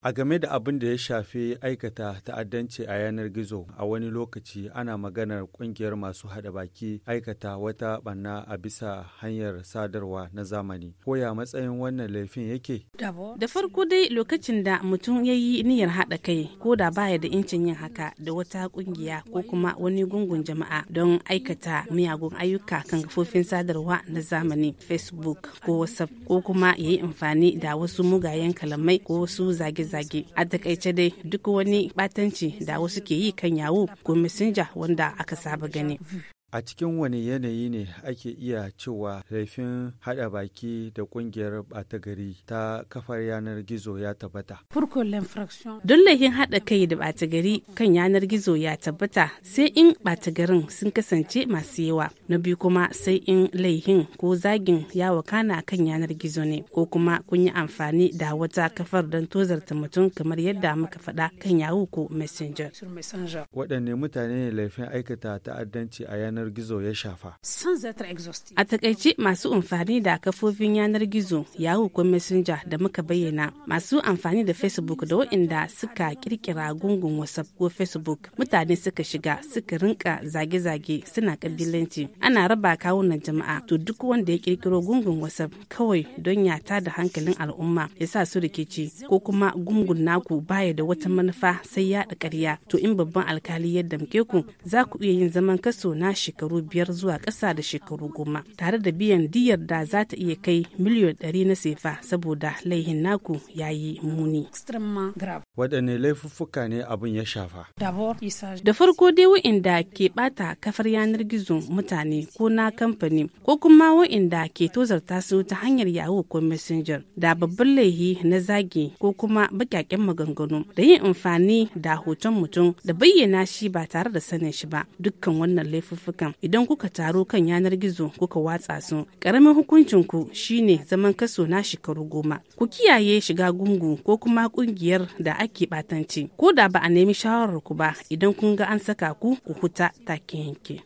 A game da abin da ya shafi aikata ta'addanci a yanar gizo a wani lokaci ana maganar kungiyar masu hada baki aikata wata banna a bisa hanyar sadarwa na zamani. Koya matsayin wannan laifin yake? Da farko dai lokacin da mutum ya yi niyyar haɗa kai ko da baya da incin yin haka da wata kungiya ko kuma wani gungun jama'a don aikata miyagun ayyuka kan kafofin sadarwa na zamani Facebook ko WhatsApp ko kuma ya yi amfani da wasu mugayen kalamai ko wasu zage zage a takaice dai duk wani batanci da wasu ke yi kan yawo ko messenger wanda aka saba gani A cikin wani yanayi ne ake iya cewa laifin haɗa baki da ƙungiyar ɓata gari ta kafar yanar gizo ya tabbata? Don laifin haɗa kai da ɓata gari kan yanar gizo ya tabbata sai in ɓata garin sun kasance masu yawa. Na biyu kuma sai in laifin ko zagin ya wakana kan yanar gizo ne ko kuma kun yi amfani da wata kafar don tozarta mutum kamar yadda muka faɗa kan Yahoo ko Messenger. Waɗanne mutane ne laifin aikata ta'addanci a yanar yanar gizo ya shafa. A takaice masu amfani da kafofin yanar gizo Yahoo ko Messenger da muka bayyana masu amfani da Facebook da waɗanda suka kirkira gungun WhatsApp ko Facebook mutane suka shiga suka rinka zage-zage suna kabilanci ana raba kawunan jama'a to duk wanda ya kirkiro gungun WhatsApp kawai don ya da hankalin al'umma ya sa su rikici ko kuma gungun naku baya da wata manufa sai ya ƙarya to in babban alkali ya damke ku za ku iya yin zaman kaso na shekaru biyar zuwa ƙasa da shekaru goma tare da biyan diyar da za ta iya kai miliyon ɗari na sefa saboda laihin naku ya yi muni. Waɗanne laifuffuka ne abin ya shafa? Da farko dai wa'inda ke bata kafar yanar gizo mutane ko na kamfani ko kuma wa'inda ke tozarta su ta hanyar yahoo ko messenger da babban laihi na zagi ko kuma baƙaƙen maganganu da yin amfani da hoton mutum da bayyana shi ba tare da sanin shi ba dukkan wannan laifuffuka idan kuka taro kan yanar gizo kuka watsa su karamin hukuncin ku shine zaman kaso na shekaru goma ku kiyaye shiga gungu ko kuma kungiyar da ake batanci ko da ba a nemi shawarar ku ba idan kun ga an saka ku ku huta take yanke